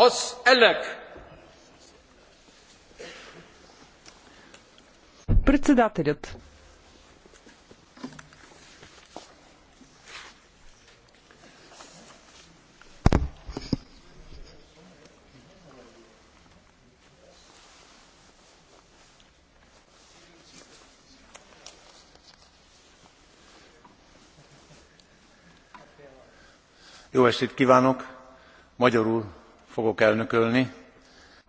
أسألك Председателят. Jó estét kívánok! Magyarul fogok elnökölni.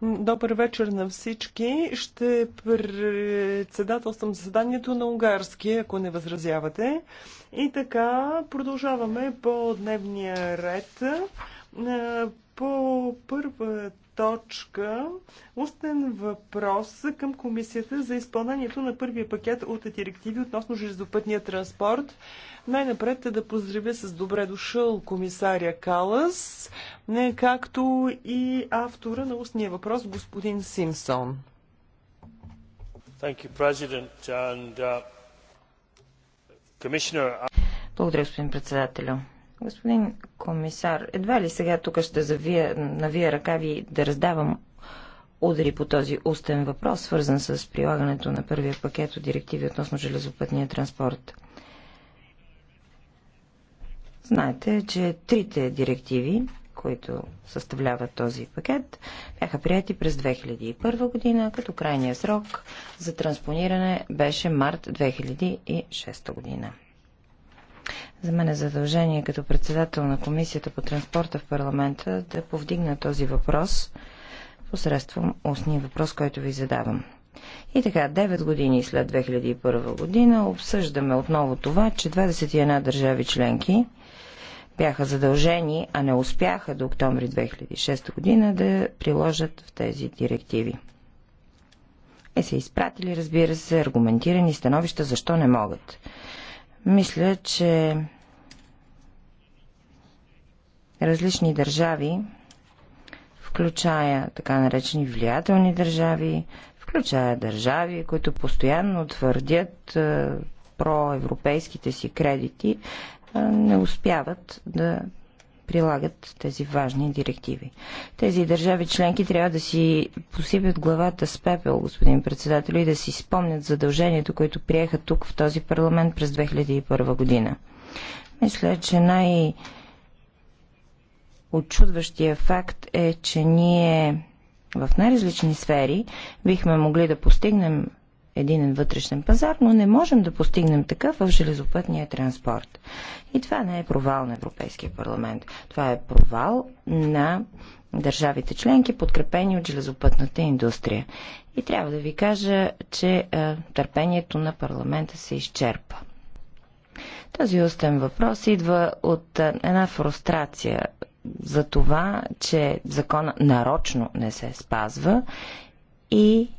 Добър вечер на всички. Ще председателствам заседанието на унгарски, ако не възразявате. И така, продължаваме по дневния ред. По първа точка устен въпрос към комисията за изпълнението на първия пакет от директиви относно железопътния транспорт. Най-напред е да поздравя с добре дошъл комисаря Калас, както и автора на устния въпрос господин Симсон. Uh, uh, Благодаря, господин председателю. Господин комисар, едва ли сега тук ще завия, навия ръкави да раздавам удари по този устен въпрос, свързан с прилагането на първия пакет от директиви относно железопътния транспорт. Знаете, че трите директиви, които съставляват този пакет, бяха прияти през 2001 година, като крайният срок за транспониране беше март 2006 година. За мен е задължение като председател на Комисията по транспорта в парламента да повдигна този въпрос посредством устния въпрос, който ви задавам. И така, 9 години след 2001 година обсъждаме отново това, че 21 държави членки бяха задължени, а не успяха до октомври 2006 година да приложат в тези директиви. Е, се изпратили, разбира се, аргументирани становища, защо не могат. Мисля, че различни държави, включая така наречени влиятелни държави, включая държави, които постоянно твърдят е, проевропейските си кредити, е, не успяват да прилагат тези важни директиви. Тези държави членки трябва да си посипят главата с пепел, господин председател, и да си спомнят задължението, което приеха тук в този парламент през 2001 година. Мисля, че най- Отчудващия факт е, че ние в най-различни сфери бихме могли да постигнем единен вътрешен пазар, но не можем да постигнем такъв в железопътния транспорт. И това не е провал на Европейския парламент. Това е провал на държавите членки, подкрепени от железопътната индустрия. И трябва да ви кажа, че е, търпението на парламента се изчерпа. Този устен въпрос идва от е, една фрустрация за това, че закона нарочно не се спазва и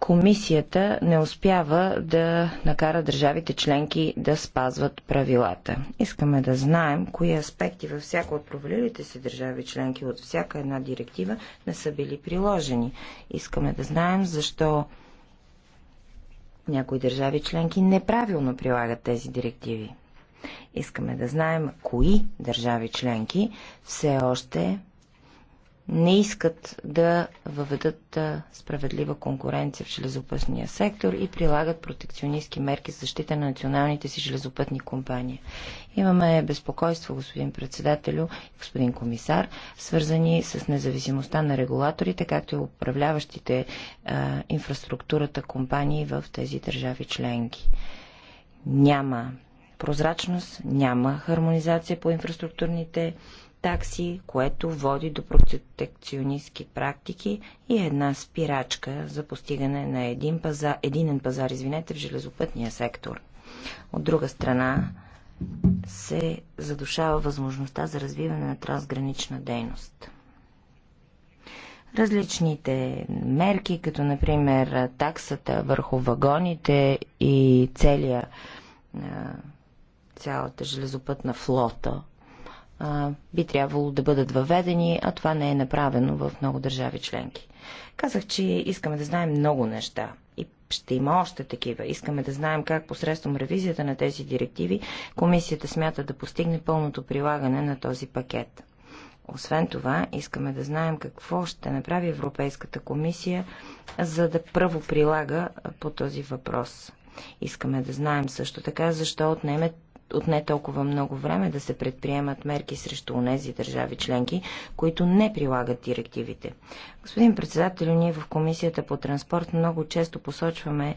комисията не успява да накара държавите членки да спазват правилата. Искаме да знаем кои аспекти във всяка от провалилите се държави членки от всяка една директива не са били приложени. Искаме да знаем защо някои държави членки неправилно прилагат тези директиви. Искаме да знаем кои държави членки все още не искат да въведат справедлива конкуренция в железопътния сектор и прилагат протекционистки мерки за защита на националните си железопътни компании. Имаме безпокойство, господин председателю, господин комисар, свързани с независимостта на регулаторите, както и управляващите а, инфраструктурата компании в тези държави членки. Няма прозрачност, няма хармонизация по инфраструктурните такси, което води до протекционистски практики и една спирачка за постигане на един пазар, единен пазар извинете, в железопътния сектор. От друга страна се задушава възможността за развиване на трансгранична дейност различните мерки, като например таксата върху вагоните и целия, цялата железопътна флота а, би трябвало да бъдат въведени, а това не е направено в много държави членки. Казах, че искаме да знаем много неща и ще има още такива. Искаме да знаем как посредством ревизията на тези директиви комисията смята да постигне пълното прилагане на този пакет. Освен това, искаме да знаем какво ще направи Европейската комисия, за да право прилага по този въпрос. Искаме да знаем също така, защо отнеме отне толкова много време да се предприемат мерки срещу тези държави членки, които не прилагат директивите. Господин председател, ние в Комисията по транспорт много често посочваме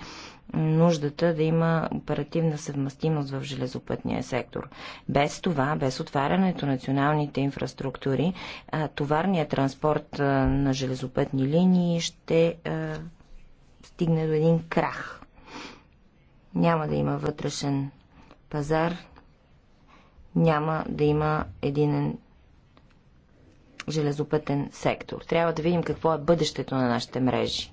нуждата да има оперативна съвместимост в железопътния сектор. Без това, без отварянето на националните инфраструктури, товарният транспорт на железопътни линии ще стигне до един крах. Няма да има вътрешен пазар няма да има един железопътен сектор. Трябва да видим какво е бъдещето на нашите мрежи.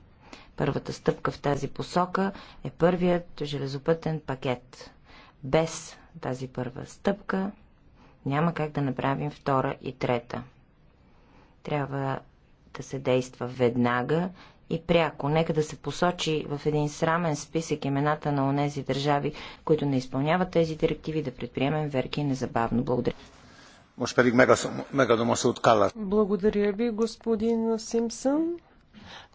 Първата стъпка в тази посока е първият железопътен пакет. Без тази първа стъпка няма как да направим втора и трета. Трябва да се действа веднага и пряко. Нека да се посочи в един срамен списък имената на онези държави, които не изпълняват тези директиви, да предприемем верки незабавно. Благодаря. Благодаря ви, господин Симпсън.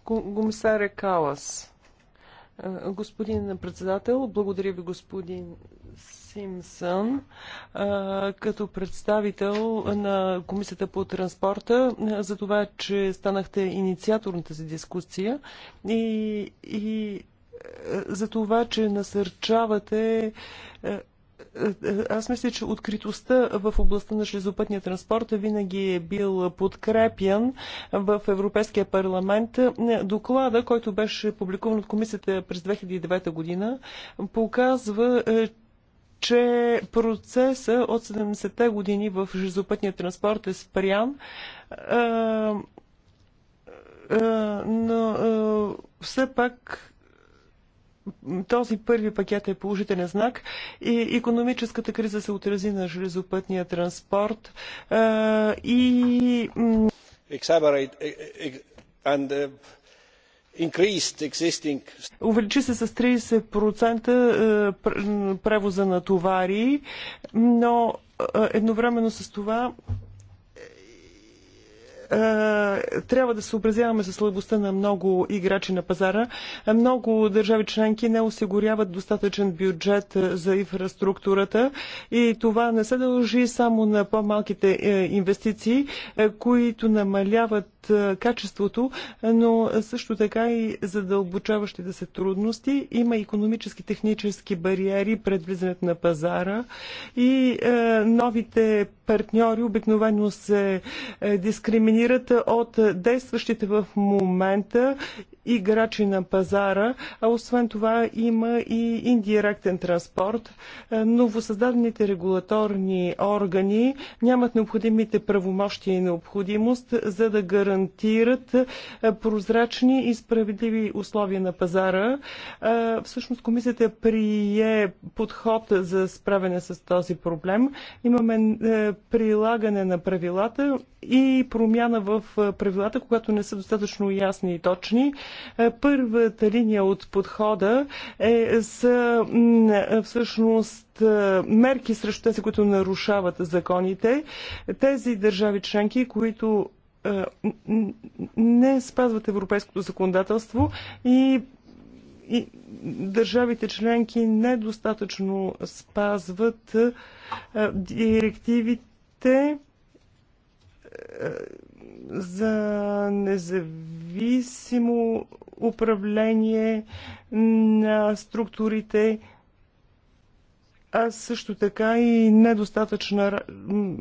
Комисаря Калас. Е, господин председател, благодаря ви, господин Симсън. Е, като представител на Комисията по транспорта, е, за това, че станахте инициатор на тази дискусия и, и за това, че насърчавате аз мисля, че откритостта в областта на железопътния транспорт винаги е бил подкрепян в Европейския парламент. Доклада, който беше публикуван от комисията през 2009 година, показва, е, че процеса от 70-те години в железопътния транспорт е спрян, е, е, но все пак този първи пакет е положителен знак и економическата криза се отрази на железопътния транспорт и e, e, uh, Увеличи се с 30% превоза на товари, но едновременно с това е, трябва да се образяваме с слабостта на много играчи на пазара. Е, много държави членки не осигуряват достатъчен бюджет е, за инфраструктурата и това не се дължи само на по-малките инвестиции, които намаляват качеството, но също така и задълбочаващите се трудности. Има економически, технически бариери пред влизането на пазара и новите партньори обикновено се дискриминират дефинират от действащите в момента играчи на пазара, а освен това има и индиректен транспорт. Е, новосъздадените регулаторни органи нямат необходимите правомощия и необходимост, за да гарантират е, прозрачни и справедливи условия на пазара. Е, всъщност комисията прие подход за справяне с този проблем. Имаме прилагане на правилата и промяна промяна в е, правилата, когато не са достатъчно ясни и точни. Е, първата линия от подхода е са е, всъщност мерки срещу тези, които нарушават законите. Тези държави членки, които не спазват европейското законодателство и и държавите членки недостатъчно спазват директивите за независимо управление на структурите, а също така и недостатъчна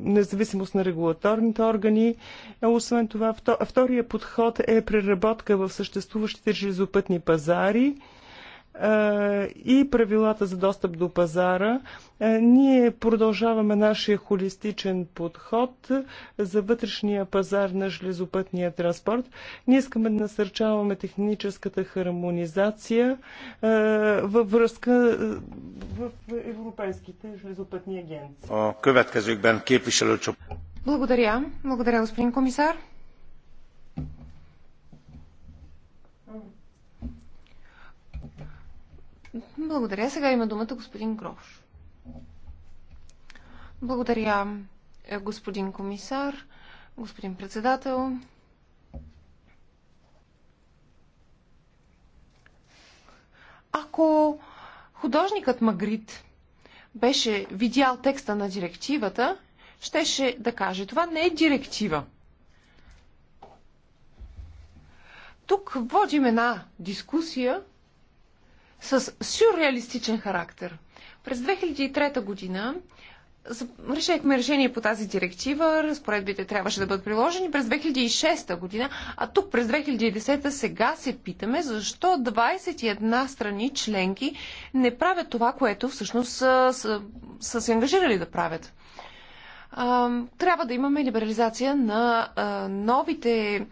независимост на регулаторните органи. Освен това, втория подход е преработка в съществуващите железопътни пазари – и правилата за достъп до пазара, е, ние продължаваме нашия холистичен подход за вътрешния пазар на железопътния транспорт. Ние искаме да насърчаваме техническата хармонизация е, във връзка е, в европейските железопътни агенции. Благодаря. Благодаря, господин комисар. Благодаря. Сега има думата господин Грош. Благодаря, е, господин комисар, господин председател. Ако художникът Магрит беше видял текста на директивата, щеше да каже, това не е директива. Тук водим една дискусия, с сюрреалистичен характер. През 2003 година решихме решение по тази директива, разпоредбите трябваше да бъдат приложени през 2006 година, а тук през 2010 сега се питаме защо 21 страни членки не правят това, което всъщност са, са, са се ангажирали да правят. трябва да имаме либерализация на новите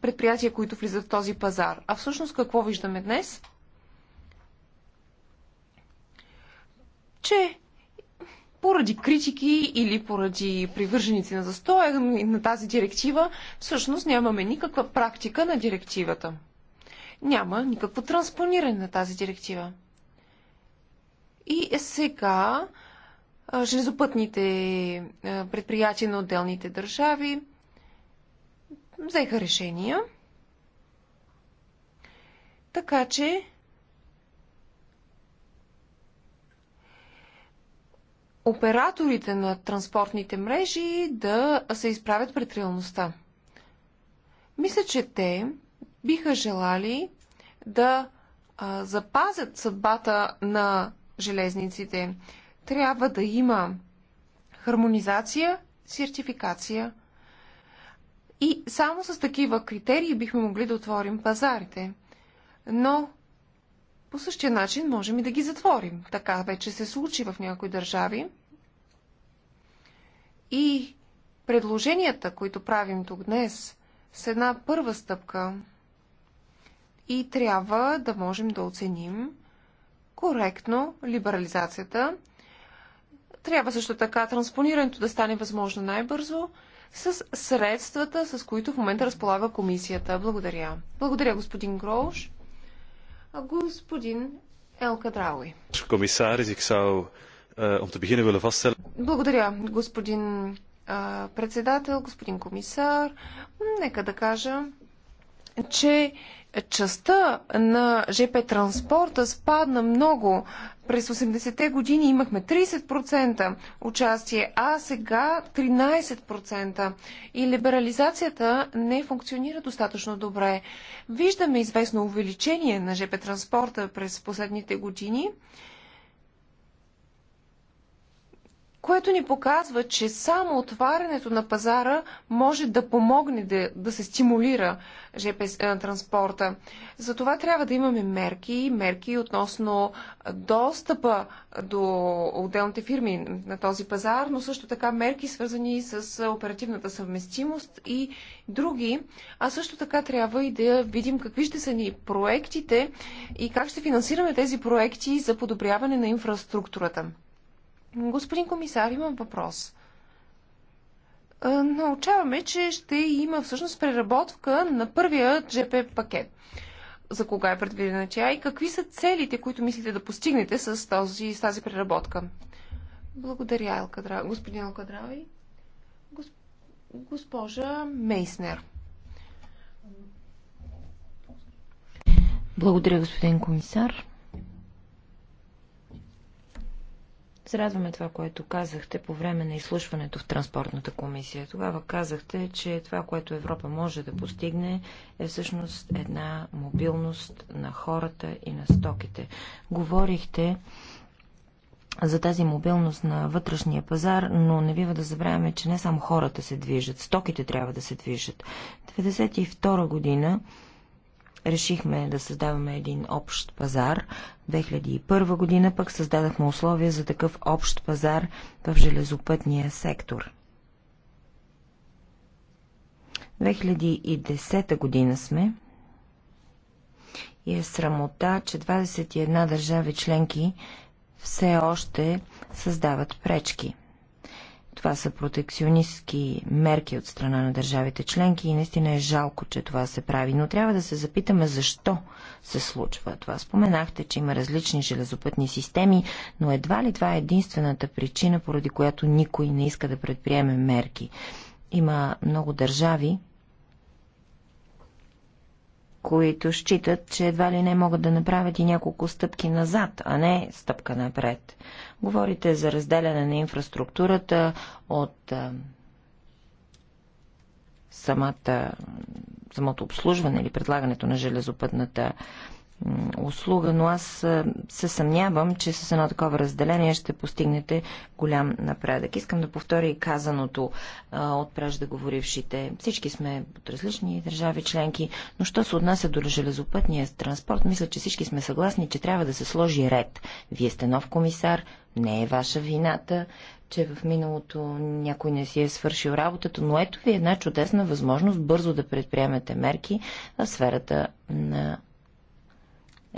предприятия, които влизат в този пазар. А всъщност какво виждаме днес? че поради критики или поради привърженици на застоя на тази директива, всъщност нямаме никаква практика на директивата. Няма никакво транспониране на тази директива. И сега железопътните предприятия на отделните държави взеха решения, така че операторите на транспортните мрежи да се изправят пред реалността. Мисля, че те биха желали да а, запазят съдбата на железниците. Трябва да има хармонизация, сертификация. И само с такива критерии бихме могли да отворим пазарите. Но по същия начин можем и да ги затворим. Така вече се случи в някои държави. И предложенията, които правим тук днес, са една първа стъпка. И трябва да можем да оценим коректно либерализацията. Трябва също така транспонирането да стане възможно най-бързо с средствата, с които в момента разполага комисията. Благодаря. Благодаря, господин Грош. Господин Елка Драуи. Комисар, е, om te beginnen willen vaststellen. Благодаря, господин е, председател, господин комисар. Нека да кажа, че частта на ЖП транспорта спадна много. През 80-те години имахме 30% участие, а сега 13%. И либерализацията не функционира достатъчно добре. Виждаме известно увеличение на ЖП транспорта през последните години. което ни показва, че само отварянето на пазара може да помогне да, да се стимулира ЖП е, транспорта. Затова трябва да имаме мерки, мерки относно достъпа до отделните фирми на този пазар, но също така мерки свързани с оперативната съвместимост и други. А също така трябва и да видим какви ще са ни проектите и как ще финансираме тези проекти за подобряване на инфраструктурата. Господин комисар, имам въпрос. Е, научаваме, че ще има всъщност преработка на първия ЖП пакет. За кога е предвидена тя и какви са целите, които мислите да постигнете с, този, с тази преработка? Благодаря, Елкадра... господин Алкадрави. Госп... Госпожа Мейснер. Благодаря, господин комисар. Зарадваме това, което казахте по време на изслушването в Транспортната комисия. Тогава казахте, че това, което Европа може да постигне, е всъщност една мобилност на хората и на стоките. Говорихте за тази мобилност на вътрешния пазар, но не бива да забравяме, че не само хората се движат, стоките трябва да се движат. 1992 година решихме да създаваме един общ пазар. 2001 година пък създадахме условия за такъв общ пазар в железопътния сектор. 2010 година сме и е срамота, че 21 държави членки все още създават пречки – това са протекционистски мерки от страна на държавите членки и наистина е жалко, че това се прави. Но трябва да се запитаме защо се случва това. Споменахте, че има различни железопътни системи, но едва ли това е единствената причина, поради която никой не иска да предприеме мерки. Има много държави, които считат, че едва ли не могат да направят и няколко стъпки назад, а не стъпка напред. Говорите за разделяне на инфраструктурата от а, самата, самото обслужване или предлагането на железопътната услуга, но аз се съмнявам, че с едно такова разделение ще постигнете голям напредък. Искам да повторя и казаното а, от преждеговорившите. Всички сме от различни държави членки, но що се отнася до железопътния транспорт, мисля, че всички сме съгласни, че трябва да се сложи ред. Вие сте нов комисар, не е ваша вината, че в миналото някой не си е свършил работата, но ето ви една чудесна възможност бързо да предприемете мерки в сферата на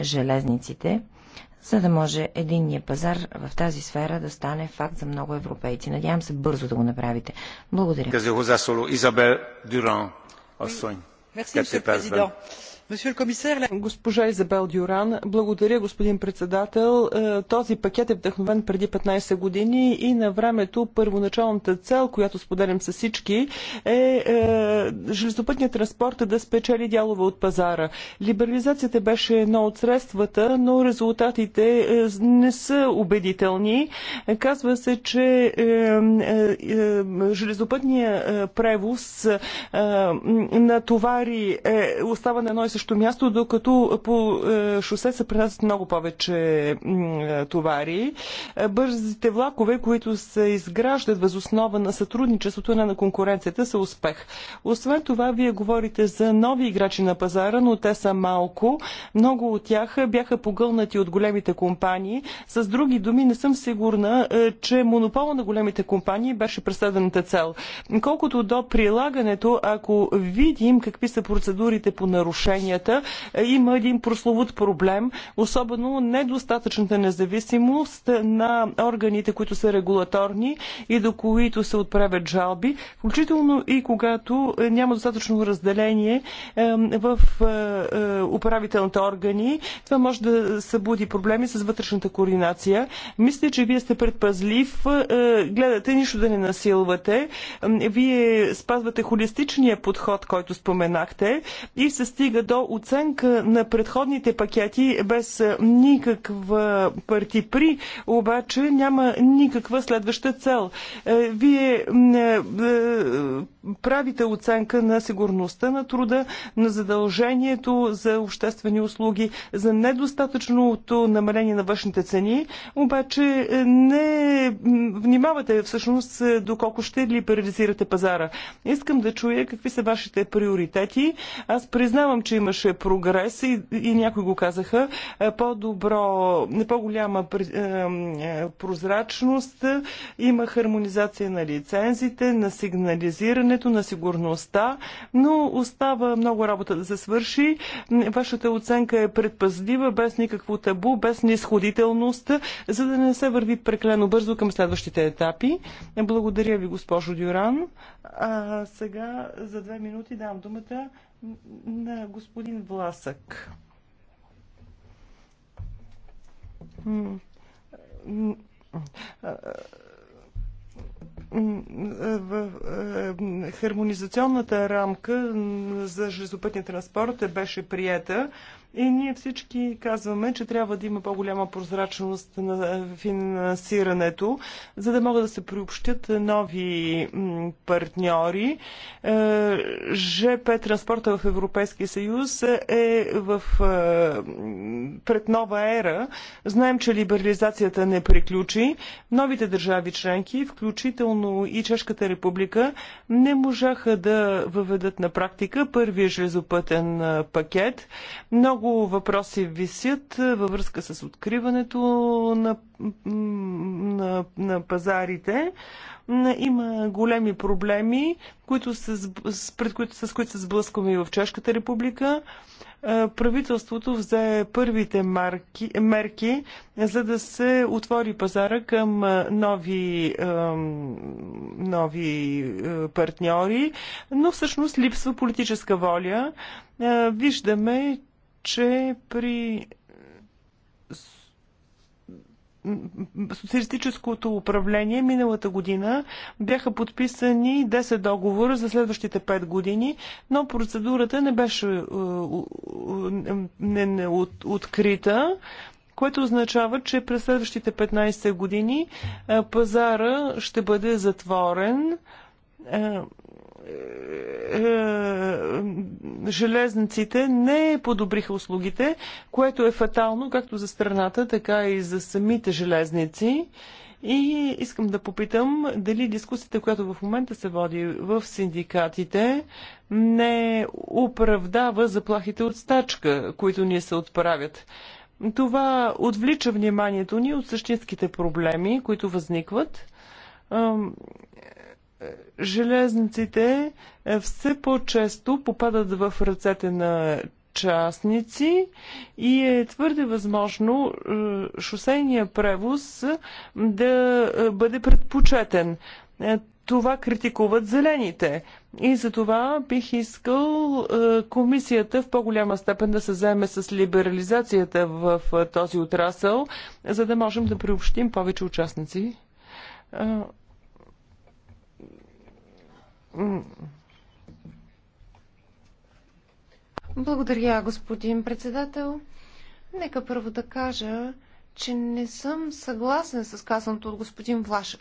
железниците, за да може единния пазар в тази сфера да стане факт за много европейци. Надявам се бързо да го направите. Благодаря. Госпожа Изабел Дюран, благодаря господин председател. Е, този пакет е вдъхновен преди 15 години и на времето първоначалната цел, която споделям с всички, е, е, железопътният транспорт да спечели дялове от пазара. Либерализацията беше едно от средствата, но резултатите е, не са убедителни. Казва се, че железопътният превоз на товари остава на едно и също също място, докато по е, шосе се пренасят много повече е, товари. Е, бързите влакове, които се изграждат възоснова на сътрудничеството на, на конкуренцията, са успех. Освен това, вие говорите за нови играчи на пазара, но те са малко. Много от тях бяха погълнати от големите компании. С други думи, не съм сигурна, че монопола на големите компании беше преследената цел. Колкото до прилагането, ако видим какви са процедурите по нарушение, плащанията е, има един прословут проблем, особено недостатъчната независимост на органите, които са регулаторни и до които се отправят жалби, включително и когато е, няма достатъчно разделение е, в управителните органи. Това може да събуди проблеми с вътрешната координация. Мисля, че вие сте предпазлив, гледате нищо да не насилвате. Вие спазвате холистичния подход, който споменахте и се стига до оценка на предходните пакети без никаква партипри, обаче няма никаква следваща цел. Е, вие е, е, правите оценка на сигурността на труда, на задължението за обществени услуги, за недостатъчното намаление на външните цени, обаче не внимавате всъщност доколко ще либерализирате пазара. Искам да чуя какви са вашите приоритети. Аз признавам, че имаше прогрес и, и някои го казаха, е, по-добро, по-голяма е, е, прозрачност, има хармонизация на лицензите, на сигнализирането, на сигурността, но остава много работа да се свърши. Вашата оценка е предпазлива, без никакво табу, без нисходителност, за да не се върви преклено бързо към следващите етапи. Благодаря ви, госпожо Дюран. А, сега за две минути дам думата на господин Власък. В хармонизационната рамка за железопътния транспорт беше приета и ние всички казваме, че трябва да има по-голяма прозрачност на финансирането, за да могат да се приобщят нови партньори. Е, ЖП транспорта в Европейския съюз е в, е, пред нова ера. Знаем, че либерализацията не приключи. Новите държави членки, включително и Чешката република, не можаха да въведат на практика първия железопътен е, пакет. Много много въпроси висят е, във връзка с откриването на, на, на пазарите. Има големи проблеми, които с, пред които, с които се сблъскваме и в Чешката република. Е, правителството взе първите марки, мерки, за да се отвори пазара към е, нови, нови партньори, но всъщност липсва политическа воля. Виждаме, че при социалистическото управление миналата година бяха подписани 10 договора за следващите 5 години, но процедурата не беше е, не, не, от, открита, което означава, че през следващите 15 години е, пазара ще бъде затворен е, е, е, железниците не подобриха услугите, което е фатално както за страната, така и за самите железници. И искам да попитам дали дискусията, която в момента се води в синдикатите, не оправдава заплахите от стачка, които ни се отправят. Това отвлича вниманието ни от същинските проблеми, които възникват железниците е, все по-често попадат в ръцете на частници и е твърде възможно е, шосейния превоз да е, бъде предпочетен. Това критикуват зелените. И за това бих искал комисията в по-голяма степен да се заеме с либерализацията в този отрасъл, за да можем да приобщим повече участници. Благодаря, господин председател. Нека първо да кажа, че не съм съгласен с казаното от господин Влашек.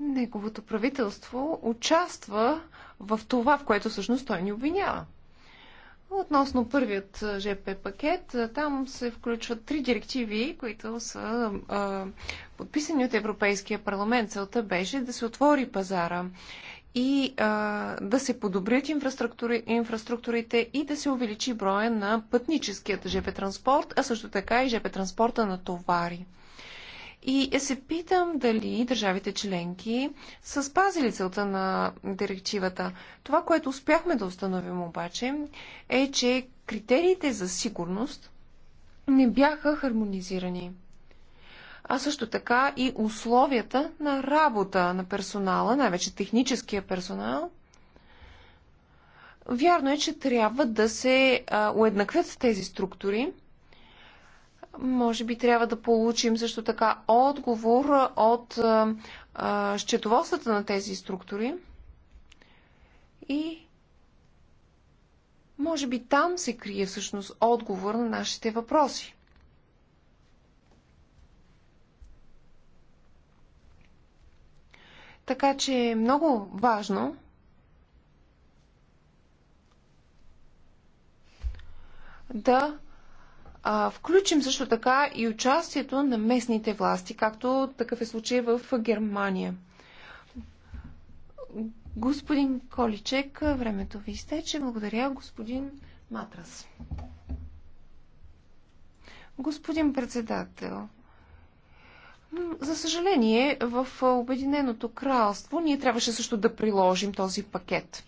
Неговото правителство участва в това, в което всъщност той ни обвинява. Относно първият ЖП пакет, там се включват три директиви, които са а, подписани от Европейския парламент. Целта беше да се отвори пазара и а, да се подобрят инфраструктури, инфраструктурите и да се увеличи броя на пътническият ЖП транспорт, а също така и ЖП транспорта на товари. И се питам дали държавите членки са спазили целта на директивата. Това, което успяхме да установим обаче, е, че критериите за сигурност не бяха хармонизирани а също така и условията на работа на персонала, най-вече техническия персонал. Вярно е, че трябва да се уеднаквят тези структури. Може би трябва да получим също така отговор от счетоводствата на тези структури. И може би там се крие всъщност отговор на нашите въпроси. Така че е много важно да а, включим също така и участието на местните власти, както такъв е случай в Германия. Господин Количек, времето ви изтече. Благодаря, господин Матрас. Господин председател, за съжаление, в Обединеното кралство ние трябваше също да приложим този пакет.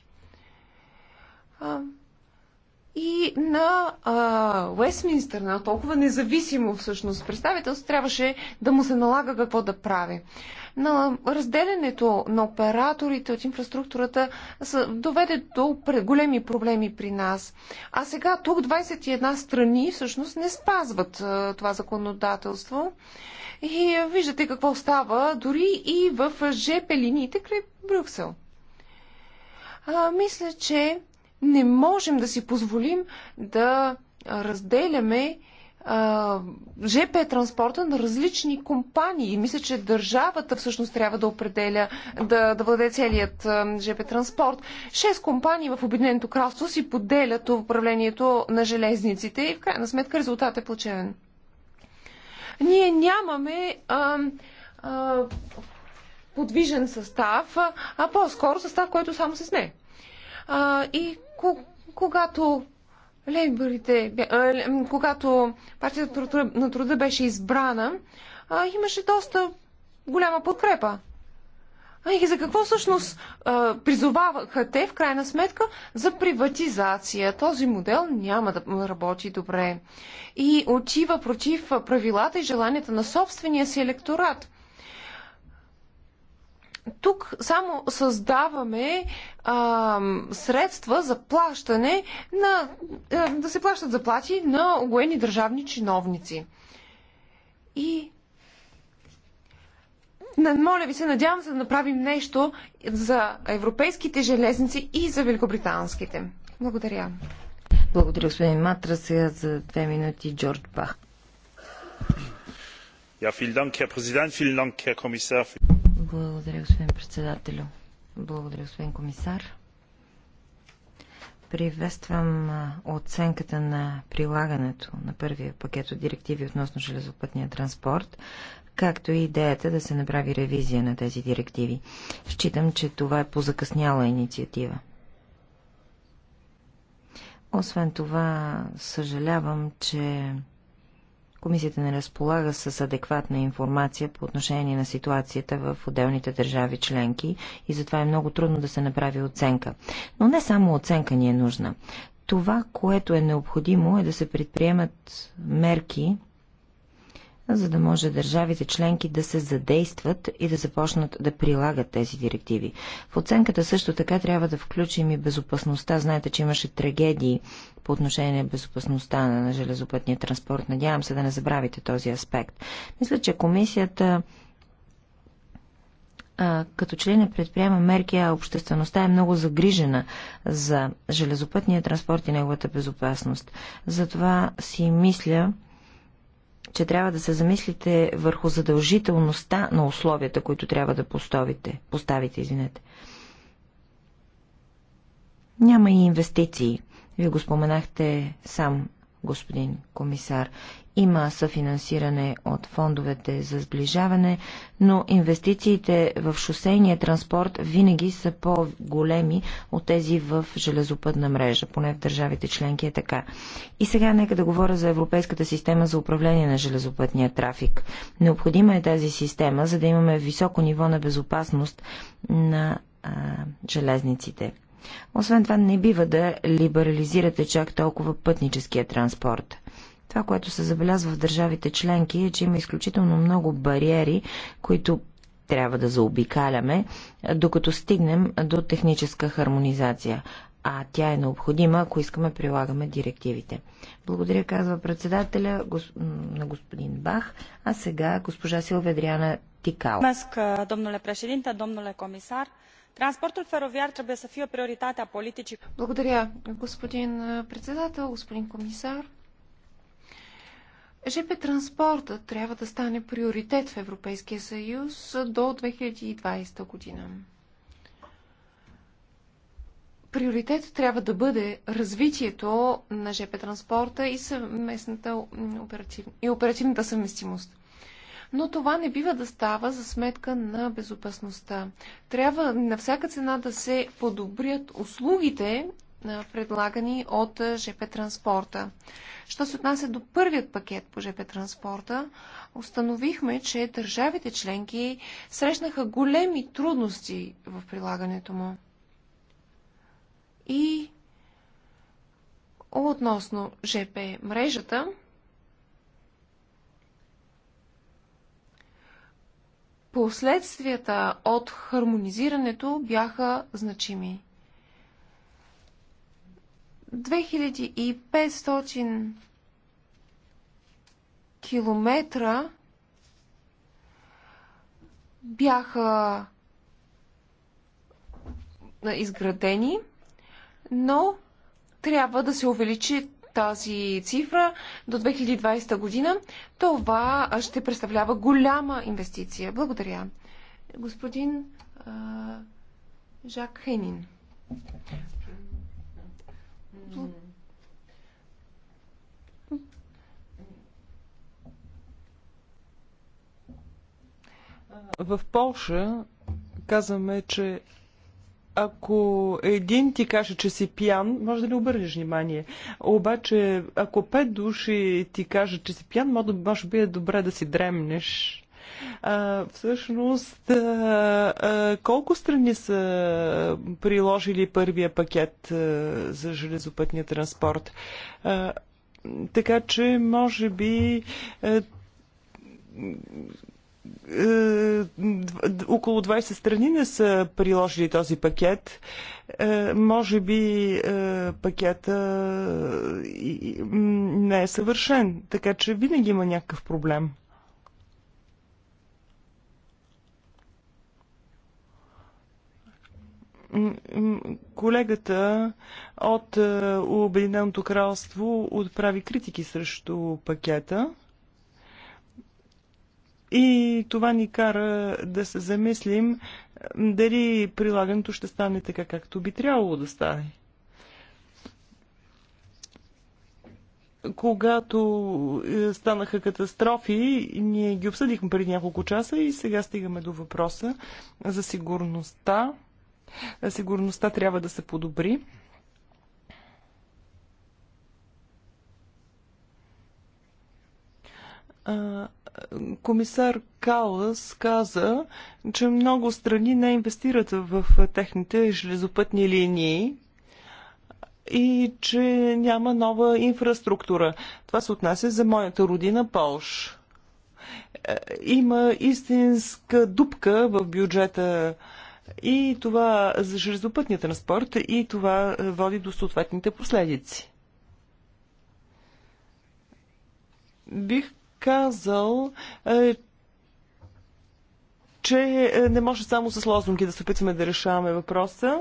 И на а, Уестминстър, на толкова независимо всъщност представителство, трябваше да му се налага какво да прави на разделянето на операторите от инфраструктурата доведе до големи проблеми при нас. А сега тук 21 страни всъщност не спазват това законодателство. И е, виждате какво става дори и в ЖП линиите край Брюксел. А, мисля, че не можем да си позволим да разделяме ЖП е транспорта на различни компании. Мисля, че държавата всъщност трябва да определя, да, да владе целият ЖП транспорт. Шест компании в Обединеното кралство си поделят управлението на железниците и в крайна сметка резултат е плачевен. Ние нямаме а, а, подвижен състав, а по-скоро състав, който само се сне. А, и когато лейбърите, когато партията на труда беше избрана, имаше доста голяма подкрепа. И за какво всъщност призоваваха те, в крайна сметка, за приватизация? Този модел няма да работи добре. И отива против правилата и желанията на собствения си електорат – тук само създаваме а, средства за плащане на. А, е, да се плащат заплати на огоени държавни чиновници. И. Моля ви се, надявам се да направим нещо за европейските железници и за великобританските. Благодаря. Благодаря, господин Матра. Сега за две минути Джордж Бах. Ja, vielen Dank, Herr Präsident, vielen Dank, Herr Kommissar. Благодаря, господин председателю. Благодаря, господин комисар. Приветствам оценката на прилагането на първия пакет от директиви относно железопътния транспорт, както и идеята да се направи ревизия на тези директиви. Считам, че това е позакъсняла инициатива. Освен това, съжалявам, че Комисията не разполага с адекватна информация по отношение на ситуацията в отделните държави членки и затова е много трудно да се направи оценка. Но не само оценка ни е нужна. Това, което е необходимо е да се предприемат мерки, за да може държавите членки да се задействат и да започнат да прилагат тези директиви. В оценката също така трябва да включим и безопасността. Знаете, че имаше трагедии по отношение на безопасността на железопътния транспорт. Надявам се да не забравите този аспект. Мисля, че комисията като член не предприема мерки, а обществеността е много загрижена за железопътния транспорт и неговата безопасност. Затова си мисля, че трябва да се замислите върху задължителността на условията, които трябва да поставите. поставите извинете. Няма и инвестиции. Вие го споменахте сам господин комисар. Има съфинансиране от фондовете за сближаване, но инвестициите в шосейния транспорт винаги са по-големи от тези в железопътна мрежа, поне в държавите членки е така. И сега нека да говоря за Европейската система за управление на железопътния трафик. Необходима е тази система, за да имаме високо ниво на безопасност на а, железниците. Освен това, не бива да либерализирате чак толкова пътническия транспорт. Това, което се забелязва в държавите членки е, че има изключително много бариери, които трябва да заобикаляме, докато стигнем до техническа хармонизация. А тя е необходима, ако искаме прилагаме директивите. Благодаря, казва председателя гос... на господин Бах, а сега госпожа Силведриана Тикал. Mulțumesc, domnule președinte, domnule комисар. Транспортът феровиар трябва да фие приоритета политики. Благодаря, господин председател, господин комисар. ЖП транспорта трябва да стане приоритет в Европейския съюз до 2020 година. Приоритет трябва да бъде развитието на ЖП транспорта и, съвместната оператив... и оперативната съвместимост. Но това не бива да става за сметка на безопасността. Трябва на всяка цена да се подобрят услугите, предлагани от ЖП транспорта. Що се отнася до първият пакет по ЖП транспорта, установихме, че държавите членки срещнаха големи трудности в прилагането му. И относно ЖП мрежата, последствията от хармонизирането бяха значими. 2500 километра бяха изградени, но трябва да се увеличи тази цифра до 2020 година, това ще представлява голяма инвестиция. Благодаря. Господин а, Жак Хенин. В Польша казваме, че ако един ти каже, че си пиян, може да не обърнеш внимание. Обаче, ако пет души ти кажат, че си пиян, може би е добре да си дремнеш. А, всъщност, а, а, колко страни са приложили първия пакет а, за железопътния транспорт? А, така че, може би. А, е, около 20 страни не са приложили този пакет. Е, може би е, пакета не е съвършен, така че винаги има някакъв проблем. колегата от Обединеното кралство отправи критики срещу пакета. И това ни кара да се замислим дали прилагането ще стане така, както би трябвало да стане. Когато е, станаха катастрофи, ние ги обсъдихме преди няколко часа и сега стигаме до въпроса за сигурността. Сигурността трябва да се подобри. А, комисар Калас каза, че много страни не инвестират в техните железопътни линии и че няма нова инфраструктура. Това се отнася за моята родина Полш. Е, има истинска дупка в бюджета и това за железопътния транспорт и това води до съответните последици. Бих казал, е, че е, не може само с лозунги да се опитваме да решаваме въпроса.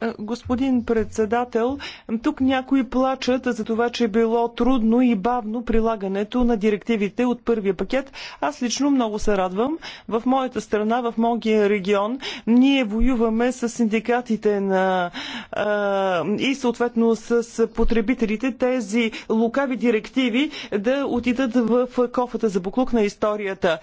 Е, господин председател, тук някои плачат за това, че е било трудно и бавно прилагането на директивите от първия пакет. Аз лично много се радвам. В моята страна, в моя регион, ние воюваме с синдикатите на, а, е, и съответно с потребителите тези лукави директиви да отидат в кофата за буклук на историята.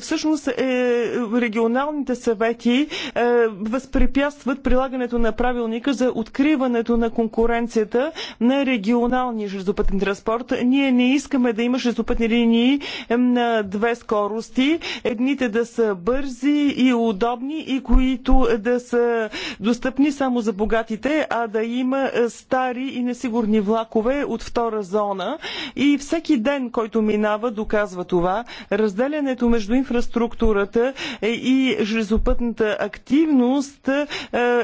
Всъщност е, регионалните съвети е, възпрепятстват прилагането на правилника за откриването на конкуренцията на регионалния железопътен транспорт. Ние не искаме да има железопътни линии на две скорости. Едните да са бързи и удобни и които да са достъпни само за богатите, а да има стари и несигурни влакове от втора зона. И всеки ден, който минава, доказва това. Разделянето между инфраструктурата и железопътната активност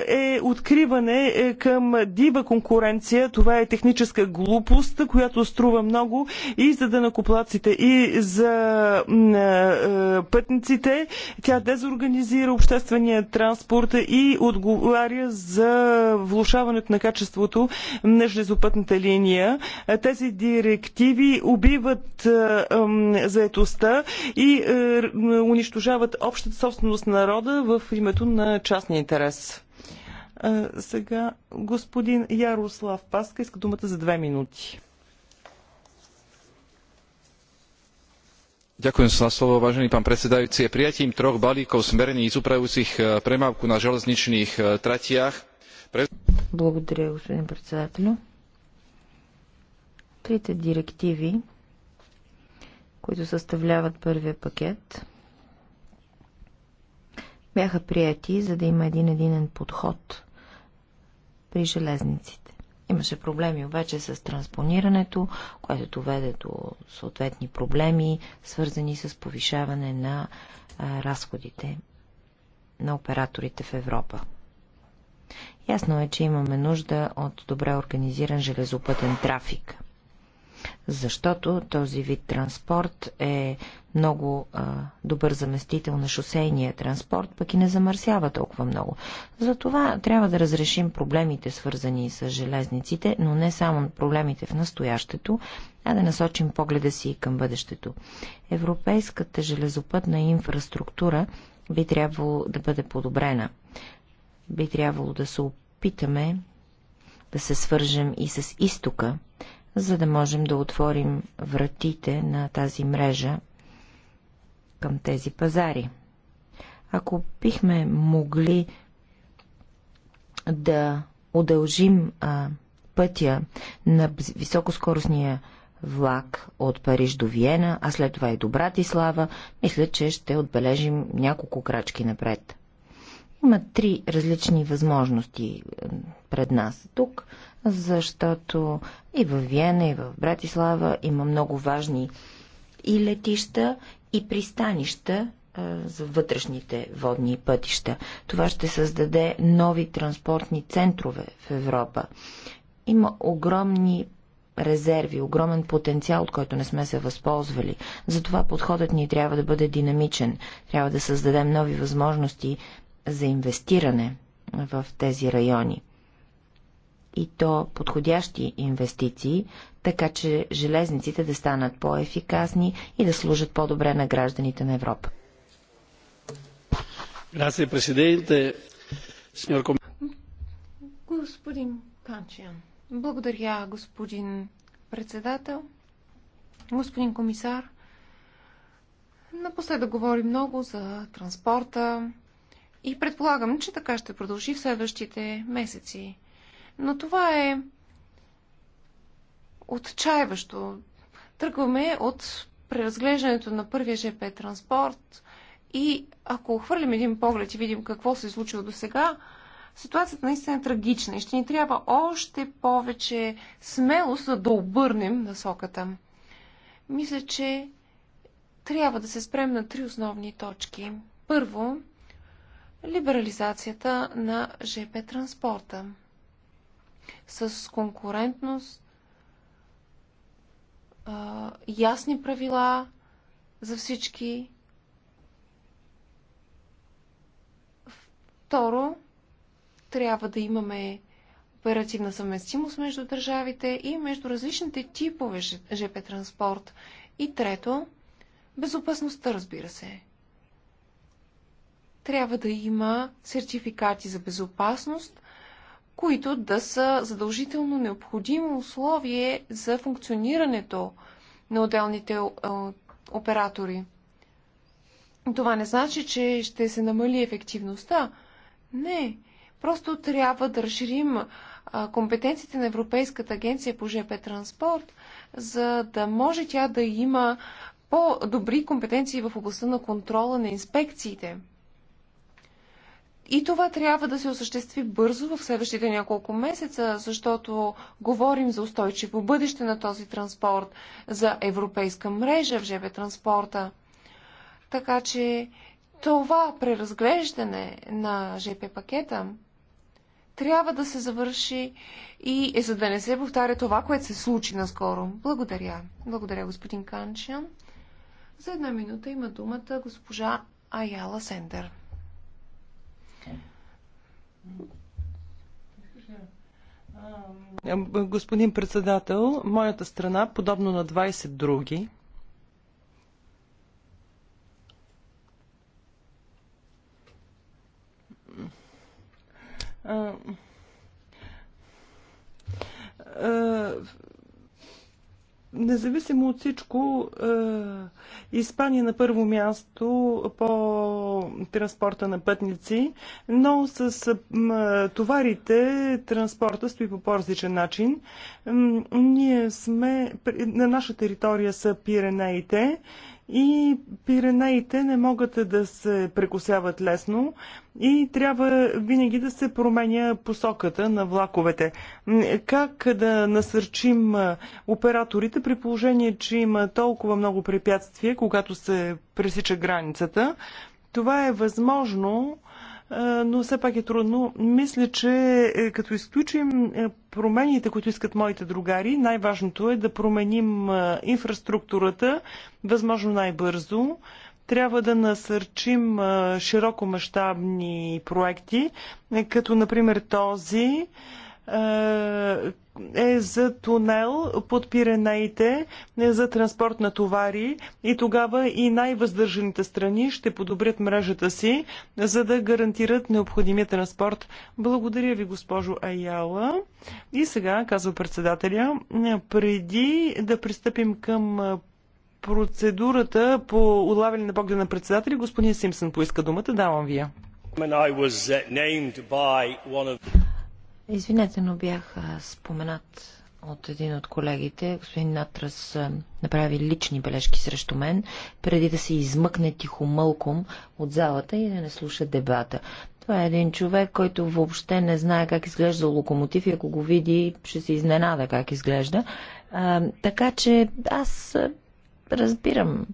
е от откриване е, към дива конкуренция. Това е техническа глупост, която струва много и за дънакоплаците и за пътниците. Тя дезорганизира обществения транспорт и отговаря за влушаването на качеството на железопътната линия. Тези директиви убиват заетостта и е, унищожават общата собственост на народа в името на частния интерес. Сега господин Ярослав Паска иска думата за две минути. Ďakujem za slovo, vážený pán predsedajúci. prijatím troch balíkov smerníc upravujúcich premávku na železničných tratiach Благодаря, господин председател. Трите директиви, които съставляват първия пакет, бяха прияти, за да има един единен подход при железниците. Имаше проблеми обаче с транспонирането, което доведе до съответни проблеми, свързани с повишаване на а, разходите на операторите в Европа. Ясно е, че имаме нужда от добре организиран железопътен трафик, защото този вид транспорт е много а, добър заместител на шосейния транспорт, пък и не замърсява толкова много. Затова трябва да разрешим проблемите, свързани с железниците, но не само проблемите в настоящето, а да насочим погледа си към бъдещето. Европейската железопътна инфраструктура би трябвало да бъде подобрена. Би трябвало да се опитаме да се свържем и с изтока, за да можем да отворим вратите на тази мрежа към тези пазари. Ако бихме могли да удължим а, пътя на високоскоростния влак от Париж до Виена, а след това и до Братислава, мисля, че ще отбележим няколко крачки напред. Има три различни възможности е, пред нас тук, защото и в Виена, и в Братислава има много важни и летища, и пристанища за вътрешните водни пътища. Това ще създаде нови транспортни центрове в Европа. Има огромни резерви, огромен потенциал, от който не сме се възползвали. Затова подходът ни трябва да бъде динамичен. Трябва да създадем нови възможности за инвестиране в тези райони и то подходящи инвестиции, така че железниците да станат по-ефикасни и да служат по-добре на гражданите на Европа. Господин Канчиан, благодаря, господин председател, господин комисар. Напоследък говори много за транспорта и предполагам, че така ще продължи в следващите месеци. Но това е отчаиващо. Тръгваме от преразглеждането на първия ЖП транспорт и ако хвърлим един поглед и видим какво се е случило до сега, ситуацията наистина е трагична и ще ни трябва още повече смелост за да обърнем насоката. Мисля, че трябва да се спрем на три основни точки. Първо, либерализацията на ЖП транспорта с конкурентност, ясни правила за всички. Второ, трябва да имаме оперативна съвместимост между държавите и между различните типове ЖП транспорт. И трето, безопасността, разбира се. Трябва да има сертификати за безопасност които да са задължително необходимо условие за функционирането на отделните е, оператори. Това не значи, че ще се намали ефективността. Не, просто трябва да разширим е, компетенциите на Европейската агенция по ЖП транспорт, за да може тя да има по-добри компетенции в областта на контрола на инспекциите. И това трябва да се осъществи бързо в следващите няколко месеца, защото говорим за устойчиво бъдеще на този транспорт, за европейска мрежа в ЖБ транспорта. Така че това преразглеждане на ЖП пакета трябва да се завърши и е за да не се повтаря това, което се случи наскоро. Благодаря. Благодаря, господин Канчан. За една минута има думата госпожа Аяла Сендер. Господин председател, моята страна, подобно на 20 други, а, а, Независимо от всичко, е, Испания на първо място по транспорта на пътници, но с товарите транспорта стои по по-различен начин. Ние сме, на наша територия са Пиренеите и пиренеите не могат да се прекусяват лесно и трябва винаги да се променя посоката на влаковете. Как да насърчим операторите при положение, че има толкова много препятствия, когато се пресича границата? Това е възможно но все пак е трудно. Мисля, че е, като изключим е, промените, които искат моите другари, най-важното е да променим е, инфраструктурата възможно най-бързо. Трябва да насърчим широкомащабни проекти, като например този, е за тунел под Пиренеите е за транспорт на товари и тогава и най-въздържаните страни ще подобрят мрежата си, за да гарантират необходимия транспорт. Благодаря ви, госпожо Аяла. И сега, казва председателя, преди да пристъпим към процедурата по улавяне на на председатели, господин Симпсън поиска думата. Давам вие. Извинете, но бях споменат от един от колегите. Господин Натрас направи лични бележки срещу мен, преди да се измъкне тихомълком от залата и да не слуша дебата. Това е един човек, който въобще не знае как изглежда локомотив и ако го види, ще се изненада как изглежда. А, така че аз разбирам,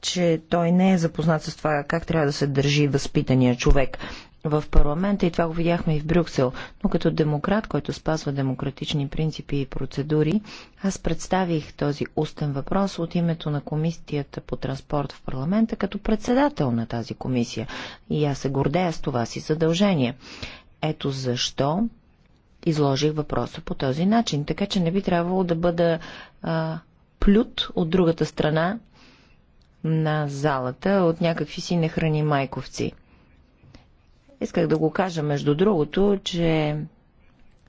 че той не е запознат с това как трябва да се държи възпитания човек в парламента и това го видяхме и в Брюксел. Но като демократ, който спазва демократични принципи и процедури, аз представих този устен въпрос от името на комисията по транспорт в парламента като председател на тази комисия. И аз се гордея с това си задължение. Ето защо изложих въпроса по този начин. Така че не би трябвало да бъда а, плют от другата страна на залата от някакви си нехрани майковци. Исках да го кажа, между другото, че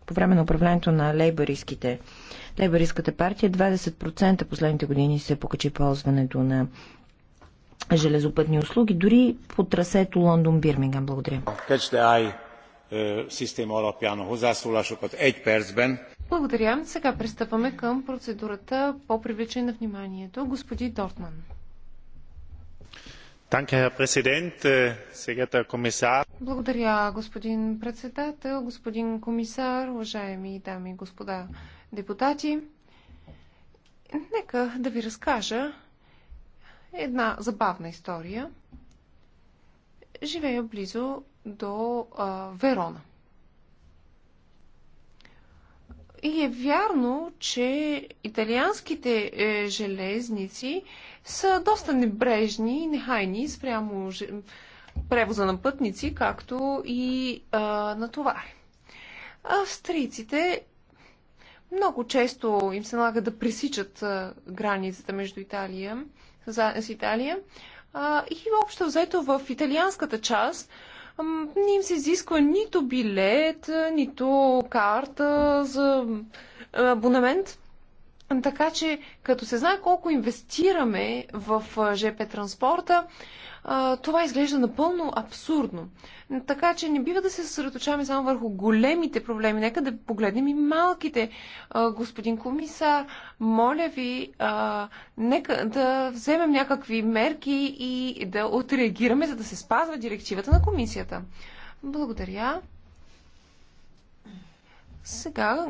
по време на управлението на лейбористските, лейбористската партия 20% последните години се покачи ползването на железопътни услуги, дори по трасето Лондон-Бирмингам. Благодаря. Е, Благодаря. Сега пристъпваме към процедурата по привличане на вниманието. Господи Дортман. Äh, Благодаря, господин председател, господин комисар, уважаеми дами и господа депутати. Нека да ви разкажа една забавна история. Живея близо до а, Верона. И е вярно, че италианските е, железници са доста небрежни и нехайни спрямо же... превоза на пътници, както и е, на товари. Австрийците много често им се налага да пресичат е, границата между Италия, за, с Италия. и общо взето в италианската част не им се изисква нито билет, нито карта за абонамент. Така че, като се знае колко инвестираме в ЖП транспорта, това изглежда напълно абсурдно. Така че не бива да се съсредоточаваме само върху големите проблеми. Нека да погледнем и малките. Господин комисар, моля ви, нека да вземем някакви мерки и да отреагираме, за да се спазва директивата на комисията. Благодаря. Сега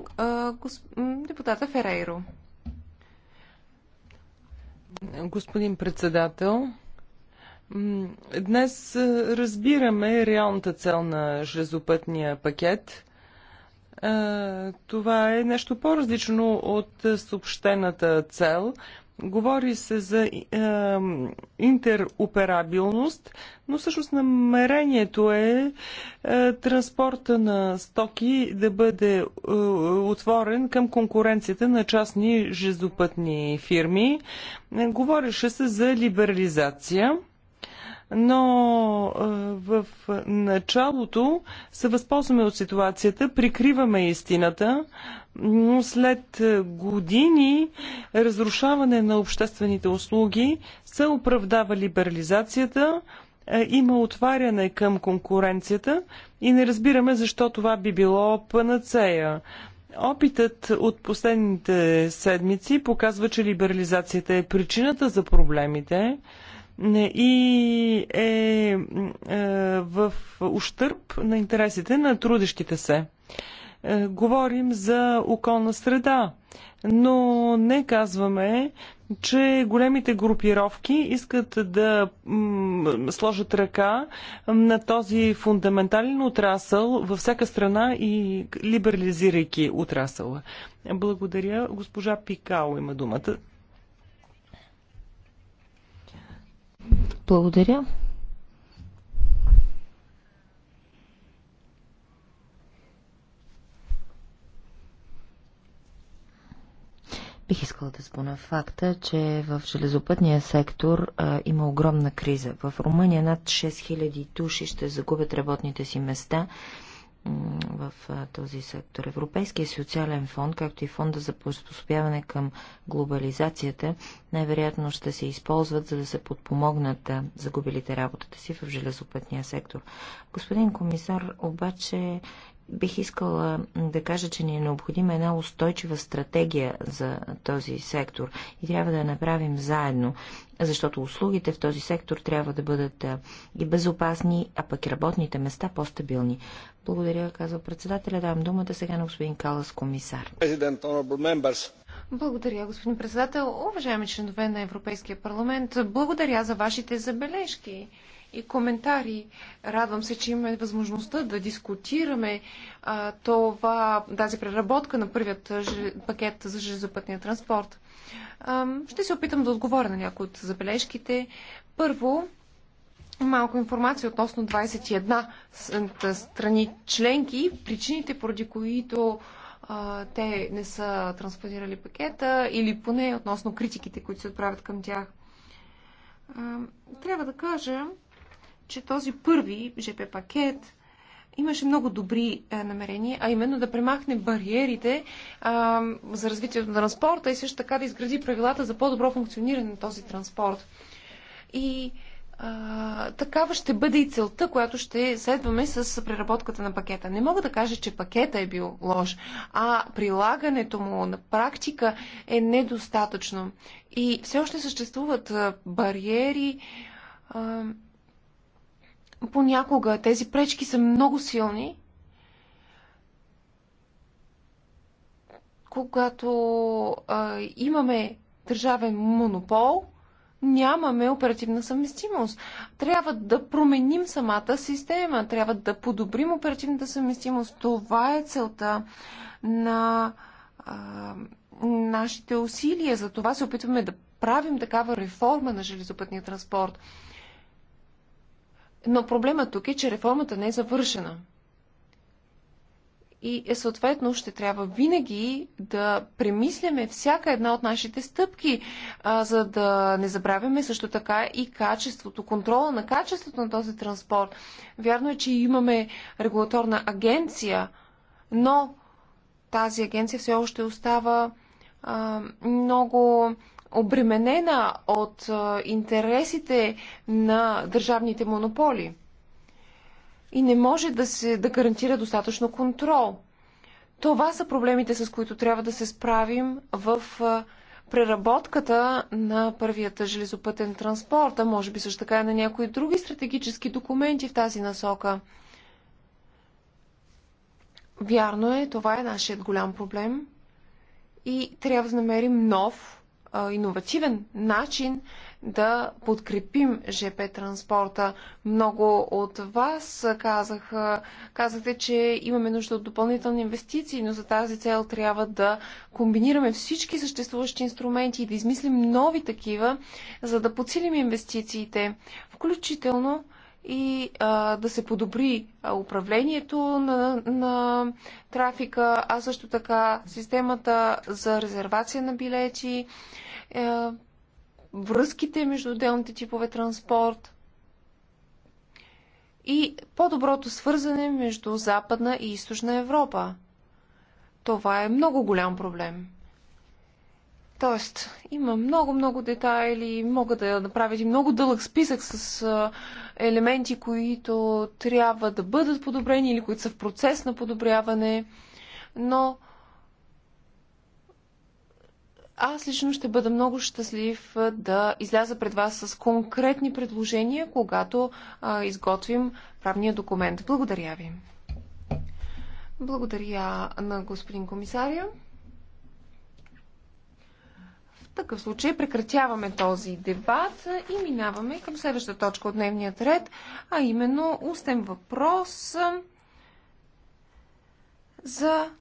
госп... депутата Ферейро. Господин председател, Днес разбираме реалната цел на железопътния пакет. Това е нещо по-различно от съобщената цел. Говори се за интероперабилност, но всъщност намерението е транспорта на стоки да бъде отворен към конкуренцията на частни железопътни фирми. Говореше се за либерализация но в началото се възползваме от ситуацията, прикриваме истината, но след години разрушаване на обществените услуги се оправдава либерализацията, има отваряне към конкуренцията и не разбираме защо това би било панацея. Опитът от последните седмици показва, че либерализацията е причината за проблемите и е, е в ущърп на интересите на трудещите се. Е, говорим за околна среда, но не казваме, че големите групировки искат да сложат ръка на този фундаментален отрасъл във всяка страна и либерализирайки отрасъла. Благодаря. Госпожа Пикао има думата. Благодаря. Бих искала да спомена факта, че в железопътния сектор а, има огромна криза. В Румъния над 6000 души ще загубят работните си места в този сектор. Европейския социален фонд, както и фонда за приспособяване към глобализацията, най-вероятно ще се използват, за да се подпомогнат загубилите работата си в железопътния сектор. Господин комисар, обаче Бих искала да кажа, че ни е необходима една устойчива стратегия за този сектор и трябва да я направим заедно, защото услугите в този сектор трябва да бъдат и безопасни, а пък и работните места по-стабилни. Благодаря, казва председателя. Давам думата сега на господин Калас, комисар. Благодаря, господин председател. Уважаеми членове на Европейския парламент, благодаря за вашите забележки и коментари. Радвам се, че имаме възможността да дискутираме а, това, тази преработка на първият пакет за железопътния транспорт. А, ще се опитам да отговоря на някои от забележките. Първо, малко информация относно 21 страни членки, причините, поради които а, те не са транспонирали пакета или поне относно критиките, които се отправят към тях. трябва да кажа, че този първи ЖП пакет имаше много добри е, намерения, а именно да премахне бариерите а, за развитието на транспорта и също така да изгради правилата за по-добро функциониране на този транспорт. И а, такава ще бъде и целта, която ще следваме с преработката на пакета. Не мога да кажа, че пакета е бил лош, а прилагането му на практика е недостатъчно. И все още съществуват бариери. А, понякога тези пречки са много силни, когато а, имаме държавен монопол, нямаме оперативна съвместимост. Трябва да променим самата система, трябва да подобрим оперативната съвместимост. Това е целта на а, нашите усилия. За това се опитваме да правим такава реформа на железопътния транспорт. Но проблема тук е, че реформата не е завършена. И е съответно ще трябва винаги да премисляме всяка една от нашите стъпки, а, за да не забравяме също така и качеството, контрола на качеството на този транспорт. Вярно е, че имаме регулаторна агенция, но тази агенция все още остава а, много обременена от интересите на държавните монополи и не може да се да гарантира достатъчно контрол. Това са проблемите, с които трябва да се справим в преработката на първията железопътен транспорт, а може би също така и на някои други стратегически документи в тази насока. Вярно е, това е нашият голям проблем и трябва да намерим нов иновативен начин да подкрепим ЖП транспорта. Много от вас казах, казахте, че имаме нужда от допълнителни инвестиции, но за тази цел трябва да комбинираме всички съществуващи инструменти и да измислим нови такива, за да подсилим инвестициите, включително и а, да се подобри управлението на, на трафика, а също така системата за резервация на билети, е, връзките между отделните типове транспорт и по-доброто свързане между Западна и Източна Европа. Това е много голям проблем. Тоест, има много-много детайли, мога да направя и много дълъг списък с елементи, които трябва да бъдат подобрени или които са в процес на подобряване, но аз лично ще бъда много щастлив да изляза пред вас с конкретни предложения, когато а, изготвим правния документ. Благодаря ви. Благодаря на господин комисаря. В такъв случай прекратяваме този дебат и минаваме към следващата точка от дневния ред, а именно устен въпрос за